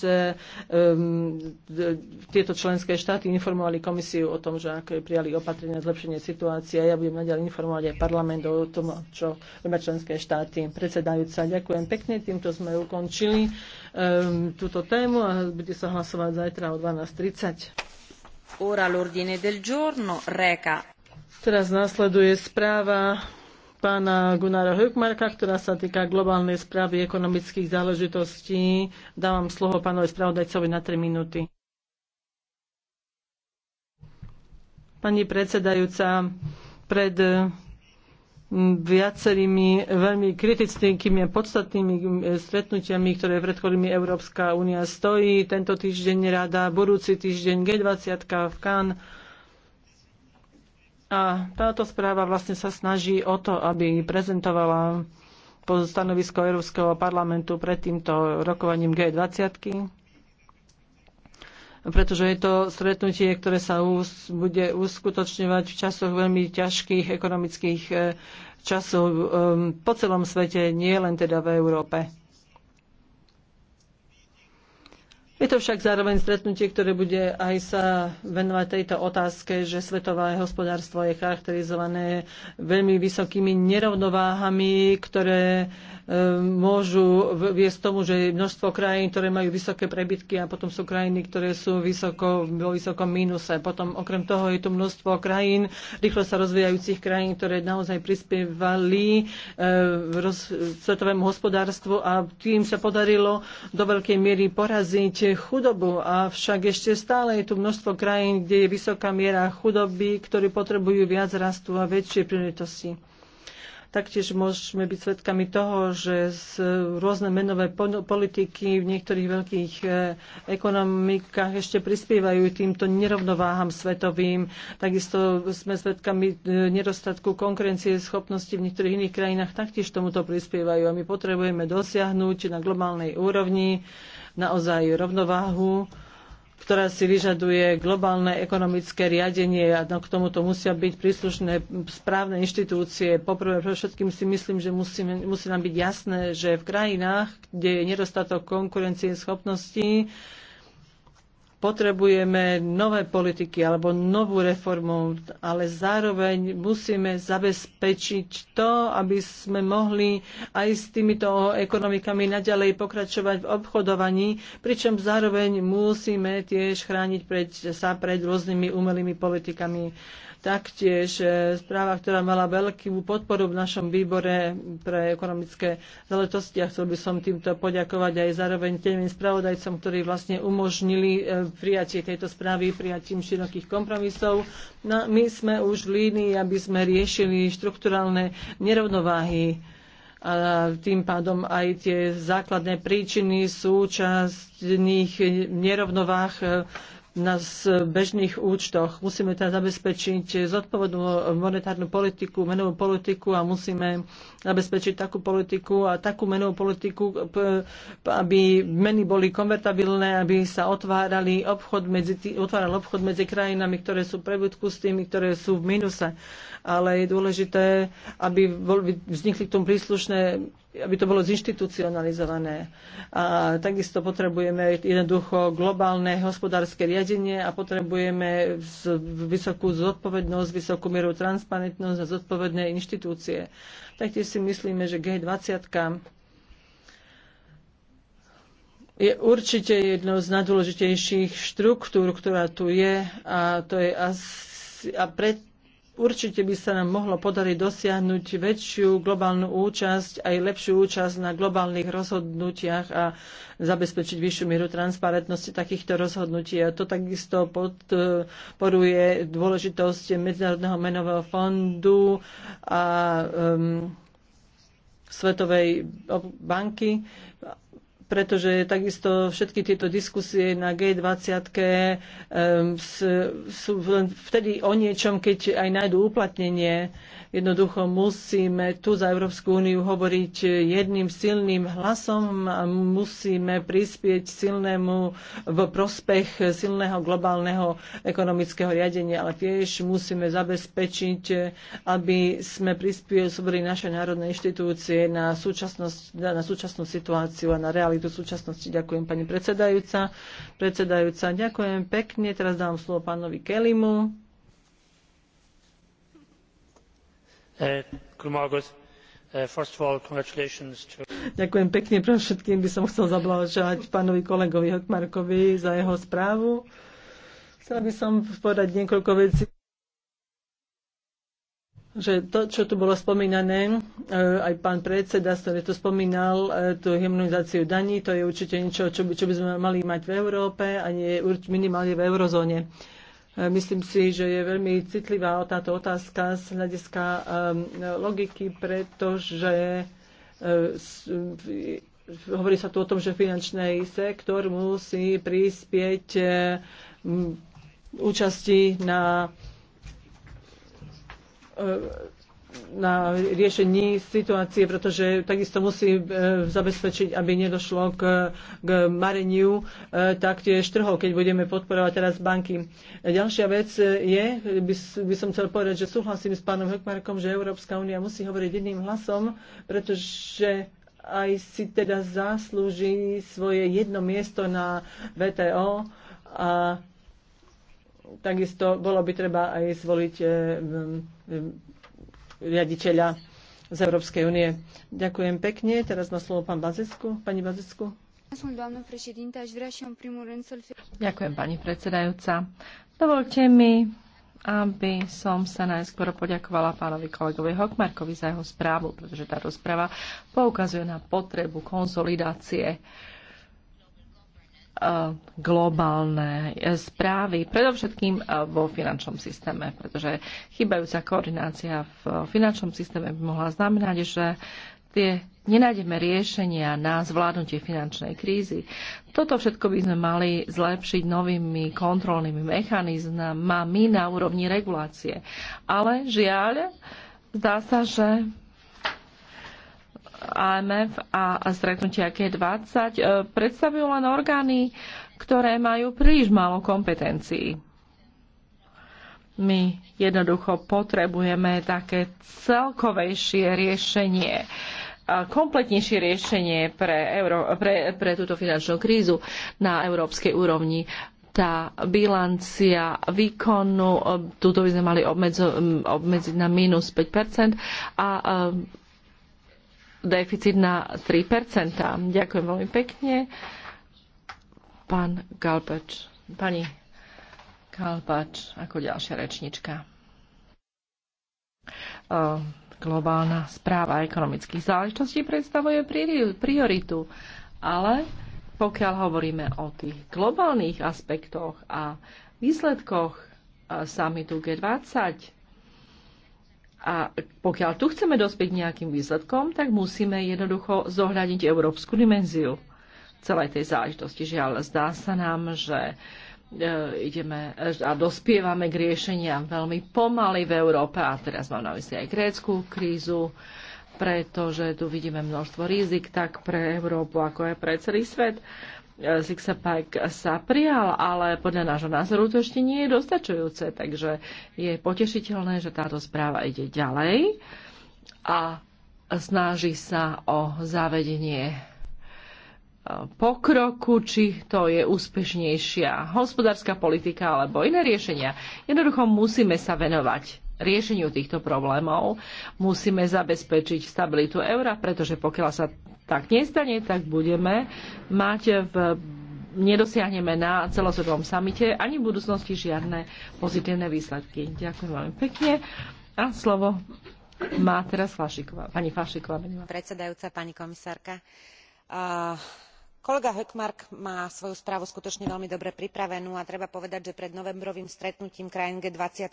plus e, tieto členské štáty informovali komisiu o tom, že ako prijali opatrenia zlepšenie situácie. Ja budem naďalej informovať aj parlament o tom, čo robia členské štáty. Predsedajúca, ďakujem pekne. Týmto sme ukončili túto tému a bude sa hlasovať zajtra o 12.30. Ora l'ordine del giorno reka. Teraz nasleduje správa pána Gunára Hökmarka, ktorá sa týka globálnej správy ekonomických záležitostí. Dávam slovo pánovi spravodajcovi na 3 minúty. Pani predsedajúca, pred mm, viacerými veľmi kritickými a podstatnými mm, stretnutiami, ktoré pred ktorými Európska únia stojí. Tento týždeň rada, budúci týždeň G20 v Cannes a táto správa vlastne sa snaží o to, aby prezentovala stanovisko Európskeho parlamentu pred týmto rokovaním G20. pretože je to stretnutie, ktoré sa ús, bude uskutočňovať v časoch veľmi ťažkých ekonomických eh, časov eh, po celom svete, nie len teda v Európe. Je to však zároveň stretnutie, ktoré bude aj sa venovať tejto otázke, že svetové hospodárstvo je charakterizované veľmi vysokými nerovnováhami, ktoré môžu viesť tomu, že je množstvo krajín, ktoré majú vysoké prebytky a potom sú krajiny, ktoré sú vysoko, vo vysokom mínuse. Potom okrem toho je tu množstvo krajín, rýchlo sa rozvíjajúcich krajín, ktoré naozaj prispievali e, v roz, svetovému hospodárstvu a tým sa podarilo do veľkej miery poraziť chudobu. Avšak ešte stále je tu množstvo krajín, kde je vysoká miera chudoby, ktorí potrebujú viac rastu a väčšie príležitosti. Taktiež môžeme byť svedkami toho, že z rôzne menové politiky v niektorých veľkých e, ekonomikách ešte prispievajú týmto nerovnováham svetovým. Takisto sme svedkami e, nedostatku konkurencie schopnosti v niektorých iných krajinách taktiež tomuto prispievajú. A my potrebujeme dosiahnuť na globálnej úrovni naozaj rovnováhu ktorá si vyžaduje globálne ekonomické riadenie a no, k tomuto musia byť príslušné správne inštitúcie. Poprvé, pre všetkým si myslím, že musíme, musí nám byť jasné, že v krajinách, kde je nedostatok konkurencie schopností, potrebujeme nové politiky alebo novú reformu, ale zároveň musíme zabezpečiť to, aby sme mohli aj s týmito ekonomikami naďalej pokračovať v obchodovaní, pričom zároveň musíme tiež chrániť pred, sa pred rôznymi umelými politikami taktiež e, správa, ktorá mala veľkú podporu v našom výbore pre ekonomické záležitosti a chcel by som týmto poďakovať aj zároveň tým spravodajcom, ktorí vlastne umožnili e, prijatie tejto správy prijatím širokých kompromisov. No, my sme už v línii, aby sme riešili štrukturálne nerovnováhy a tým pádom aj tie základné príčiny súčasných nerovnovách e, na bežných účtoch. Musíme teda zabezpečiť zodpovednú monetárnu politiku, menovú politiku a musíme zabezpečiť takú politiku a takú menovú politiku, aby meny boli konvertabilné, aby sa otvárali obchod medzi, otváral obchod medzi krajinami, ktoré sú v prebytku s tými, ktoré sú v minuse. Ale je dôležité, aby vznikli k tomu príslušné aby to bolo zinstitucionalizované. A takisto potrebujeme jednoducho globálne hospodárske riadenie a potrebujeme vysokú zodpovednosť, vysokú mieru transparentnosť a zodpovedné inštitúcie. Taktiež si myslíme, že G20 je určite jednou z najdôležitejších štruktúr, ktorá tu je a to je asi, a preto Určite by sa nám mohlo podariť dosiahnuť väčšiu globálnu účasť, aj lepšiu účasť na globálnych rozhodnutiach a zabezpečiť vyššiu mieru transparentnosti takýchto rozhodnutí. A to takisto podporuje dôležitosť Medzinárodného menového fondu a um, Svetovej banky pretože takisto všetky tieto diskusie na G20 eh, sú len vtedy o niečom, keď aj nájdú uplatnenie. Jednoducho musíme tu za Európsku úniu hovoriť jedným silným hlasom a musíme prispieť silnému v prospech silného globálneho ekonomického riadenia, ale tiež musíme zabezpečiť, aby sme prispieli naše národné inštitúcie na, na súčasnú situáciu a na realitu dostali do súčasnosti. Ďakujem pani predsedajúca. Predsedajúca, ďakujem pekne. Teraz dám slovo pánovi Kelimu. Ďakujem pekne pre všetkým. By som chcel zablahožať pánovi kolegovi Hokmarkovi za jeho správu. Chcela by som povedať niekoľko vecí. Že to, čo tu bolo spomínané, Eh, aj pán predseda, ktorý to spomínal, eh, tú harmonizáciu daní, to je určite niečo, čo by, čo by sme mali mať v Európe a nie minimálne v eurozóne. Eh, myslím si, že je veľmi citlivá táto otázka z hľadiska logiky, pretože hovorí sa tu o tom, že finančný sektor musí prispieť účasti na na riešení situácie, pretože takisto musí e, zabezpečiť, aby nedošlo k, k mareniu e, taktiež trhov, keď budeme podporovať teraz banky. E, ďalšia vec je, by, by som chcel povedať, že súhlasím s pánom Hekmarkom, že Európska únia musí hovoriť jedným hlasom, pretože aj si teda zaslúži svoje jedno miesto na VTO a takisto bolo by treba aj zvoliť riaditeľa z Európskej únie. Ďakujem pekne. Teraz má slovo pán Bazesku. Pani Bazesku. Ďakujem, pani predsedajúca. Dovolte mi, aby som sa najskôr poďakovala pánovi kolegovi Hokmarkovi za jeho správu, pretože tá správa poukazuje na potrebu konsolidácie uh, E, globálne správy, predovšetkým e, vo finančnom systéme, pretože chýbajúca koordinácia v finančnom systéme by mohla znamenať, že tie nenájdeme riešenia na zvládnutie finančnej krízy. Toto všetko by sme mali zlepšiť novými kontrolnými mechanizmami na úrovni regulácie. Ale žiaľ, zdá sa, že AMF a stretnutia G20 e, predstavujú len orgány, ktoré majú príliš málo kompetencií. My jednoducho potrebujeme také celkovejšie riešenie, e, kompletnejšie riešenie pre, euro, pre, pre túto finančnú krízu na európskej úrovni tá bilancia výkonu, e, túto by sme mali obmedzo, obmedziť na minus 5% a deficit na 3 Ďakujem veľmi pekne. Pán Galpač, pani Kalpač, ako ďalšia rečnička. Ehm, globálna správa ekonomických záležitostí predstavuje prioritu, ale pokiaľ hovoríme o tých globálnych aspektoch a výsledkoch e, samitu G20, a pokiaľ tu chceme dospieť nejakým výsledkom, tak musíme jednoducho zohľadniť európsku dimenziu celej tej záležitosti. Žiaľ, zdá sa nám, že e, ideme a dospievame k riešeniam veľmi pomaly v Európe a teraz mám na mysli aj grécku krízu, pretože tu vidíme množstvo rizik tak pre Európu, ako aj pre celý svet. Sixpack sa prijal, ale podľa nášho názoru to ešte nie je dostačujúce, takže je potešiteľné, že táto správa ide ďalej a snaží sa o zavedenie e, pokroku, či to je úspešnejšia hospodárska politika alebo iné riešenia. Jednoducho musíme sa venovať riešeniu týchto problémov musíme zabezpečiť stabilitu eura, pretože pokiaľ sa tak nestane, tak budeme mať v nedosiahneme na celosvetovom samite ani v budúcnosti žiadne pozitívne výsledky. Ďakujem veľmi pekne. A slovo má teraz Fašiková. Pani Fašiková. Predsedajúca, pani komisárka. Uh, kolega Hökmark má svoju správu skutočne veľmi dobre pripravenú a treba povedať, že pred novembrovým stretnutím krajín G20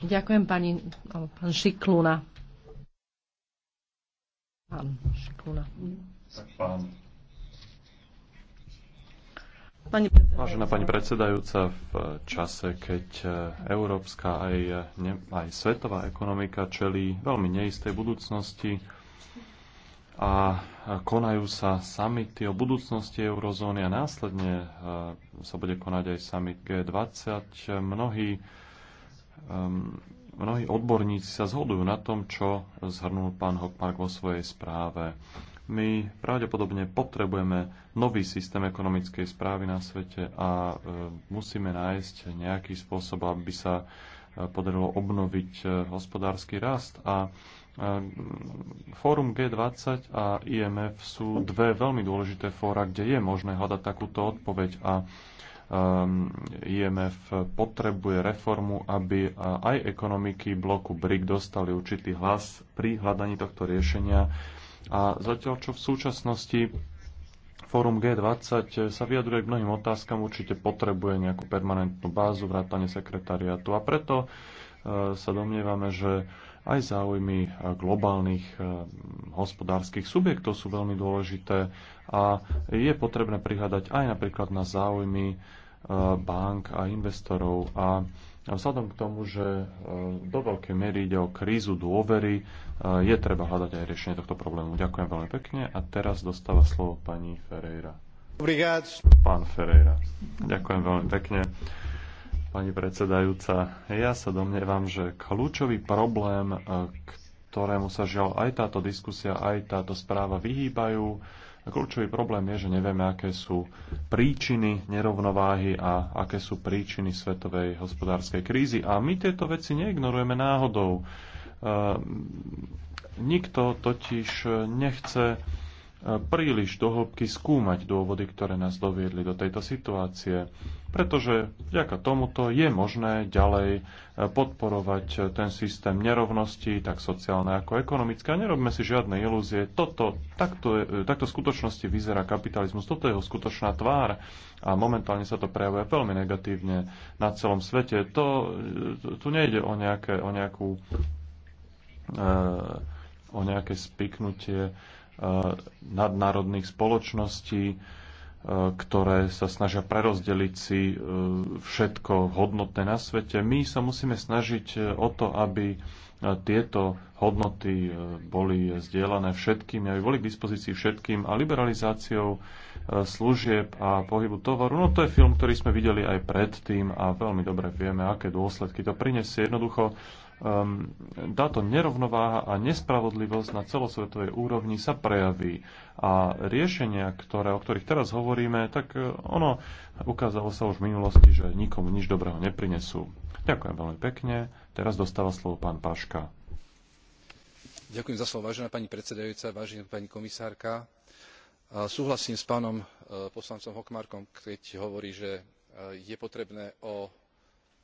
Ďakujem pani, pán Šikluna. Pán Šikluna. Tak pán. Pani Vážená pani predsedajúca, v čase, keď eh, európska aj, eh, ne, aj svetová ekonomika čelí veľmi neistej budúcnosti a konajú sa samity o budúcnosti eurozóny a následne eh, sa bude konať aj summit G20, mnohí Ehm, mnohí odborníci sa zhodujú na tom, čo zhrnul pán Hockmark vo svojej správe. My pravdepodobne potrebujeme nový systém ekonomickej správy na svete a ehm, musíme nájsť nejaký spôsob, aby sa e, podarilo obnoviť e, hospodársky rast a Fórum G20 a IMF sú dve veľmi dôležité fóra, kde je možné hľadať takúto odpoveď a um, ehm, IMF potrebuje reformu, aby aj ekonomiky bloku BRIC dostali určitý hlas pri hľadaní tohto riešenia. A zatiaľ, čo v súčasnosti Fórum G20 sa vyjadruje k mnohým otázkam, určite potrebuje nejakú permanentnú bázu, vrátane sekretariátu. A preto uh, sa domnievame, že uh, aj záujmy e, globálnych e, hospodárskych subjektov sú veľmi dôležité a je potrebné prihľadať aj napríklad na záujmy e, bank a investorov. A vzhľadom k tomu, že do veľkej miery ide o krízu dôvery, je treba hľadať aj riešenie tohto problému. Ďakujem veľmi pekne a teraz dostáva slovo pani Ferreira. Pán Ferreira, ďakujem veľmi pekne pani predsedajúca. Ja sa domnievam, že kľúčový problém, e, ktorému sa žiaľ aj táto diskusia, aj táto správa vyhýbajú, kľúčový problém je, že nevieme, aké sú príčiny nerovnováhy a aké sú príčiny svetovej hospodárskej krízy. A my tieto veci neignorujeme náhodou. E, nikto totiž nechce príliš dohlbky skúmať dôvody, ktoré nás doviedli do tejto situácie, pretože vďaka tomuto je možné ďalej e, podporovať ten systém nerovností, tak sociálne ako ekonomické. A nerobme si žiadne ilúzie. Toto, takto, e, takto v skutočnosti vyzerá kapitalizmus. Toto je jeho skutočná tvár a momentálne sa to prejavuje veľmi negatívne na celom svete. To, e, tu nejde o, nejaké, o nejakú o nejaké spiknutie Eh, nadnárodných spoločností, eh, ktoré sa snažia prerozdeliť si eh, všetko hodnotné na svete. My sa musíme snažiť o to, aby tieto hodnoty boli zdieľané všetkým, aby boli k dispozícii všetkým a liberalizáciou služieb a pohybu tovaru. No to je film, ktorý sme videli aj predtým a veľmi dobre vieme, aké dôsledky to prinesie. Jednoducho um, táto nerovnováha a nespravodlivosť na celosvetovej úrovni sa prejaví. A riešenia, ktoré, o ktorých teraz hovoríme, tak e, ono ukázalo sa už v minulosti, že nikomu nič dobrého neprinesú. Ďakujem veľmi pekne. Teraz dostáva slovo pán Paška. Ďakujem za slovo, vážená pani predsedajúca, vážená pani komisárka. E, súhlasím s pánom e, poslancom Hokmarkom, keď hovorí, že je potrebné o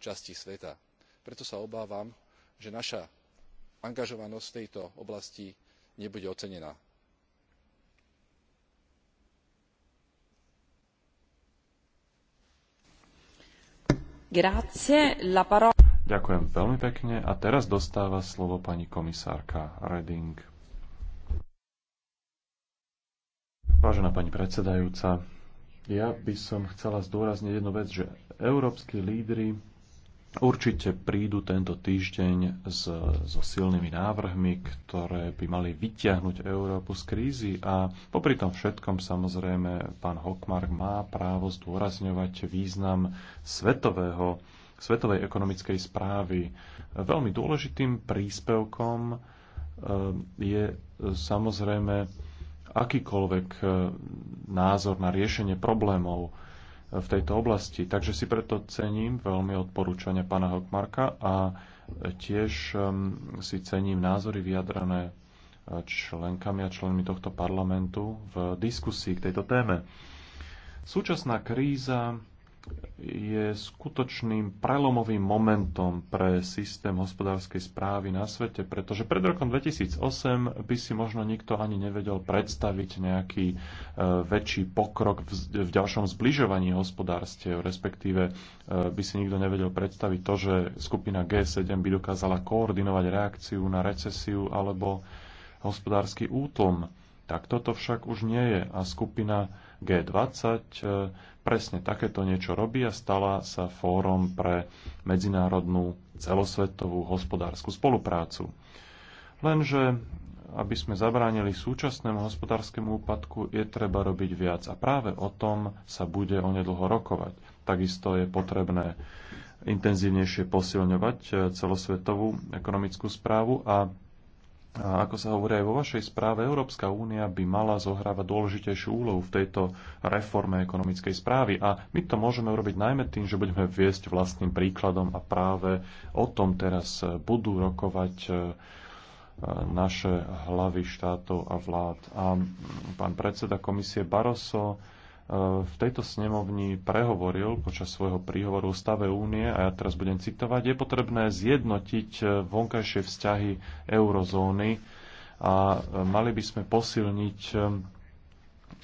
časti sveta. preto sa obávam že naša angažovanosť v tejto oblasti nebude ocenená. Ďakujem veľmi pekne a teraz dostáva slovo pani komisárka Reding. Vážená pani predsedajúca, ja by som chcela zdôrazniť jednu vec, že európsky lídry Určite prídu tento týždeň s, so silnými návrhmi, ktoré by mali vyťahnuť Európu z krízy a popri tom všetkom samozrejme pán Hockmark má právo zdôrazňovať význam svetového, svetovej ekonomickej správy. Veľmi dôležitým príspevkom e, je samozrejme akýkoľvek e, názor na riešenie problémov v tejto oblasti. Takže si preto cením veľmi odporúčania pána Hokmarka a tiež um, si cením názory vyjadrané uh, členkami a členmi tohto parlamentu v diskusii k tejto téme. Súčasná kríza je skutočným prelomovým momentom pre systém hospodárskej správy na svete, pretože pred rokom 2008 by si možno nikto ani nevedel predstaviť nejaký e, väčší pokrok v, v ďalšom zbližovaní hospodárstiev, respektíve e, by si nikto nevedel predstaviť to, že skupina G7 by dokázala koordinovať reakciu na recesiu alebo hospodársky útlm tak toto však už nie je a skupina G20 e, presne takéto niečo robí a stala sa fórom pre medzinárodnú celosvetovú hospodárskú spoluprácu. Lenže, aby sme zabránili súčasnému hospodárskemu úpadku, je treba robiť viac a práve o tom sa bude onedlho rokovať. Takisto je potrebné intenzívnejšie posilňovať e, celosvetovú ekonomickú správu a a ako sa hovorí aj vo vašej správe, Európska únia by mala zohrávať dôležitejšiu úlohu v tejto reforme ekonomickej správy. A my to môžeme urobiť najmä tým, že budeme viesť vlastným príkladom a práve o tom teraz budú rokovať e, naše hlavy štátov a vlád. A pán predseda komisie Barroso v tejto snemovni prehovoril počas svojho príhovoru o stave únie, a ja teraz budem citovať, je potrebné zjednotiť eh, vonkajšie vzťahy eurozóny a eh, mali by sme posilniť eh,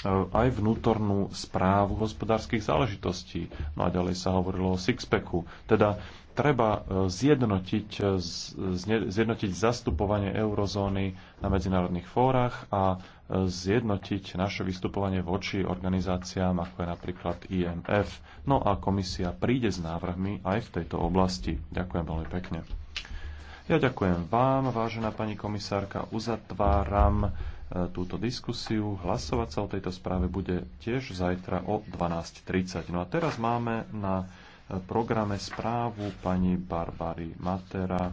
Eh, aj vnútornú správu hospodárskych záležitostí. No a ďalej sa hovorilo o sixpacku. Teda treba eh, zjednotiť, eh, zjednotiť zastupovanie eurozóny na medzinárodných fórach a zjednotiť naše vystupovanie voči organizáciám, ako je napríklad IMF. No a komisia príde s návrhmi aj v tejto oblasti. Ďakujem veľmi pekne. Ja ďakujem vám, vážená pani komisárka. Uzatváram E, túto diskusiu. Hlasovať sa o tejto správe bude tiež zajtra o 12.30. No a teraz máme na e, programe správu pani Barbary Matera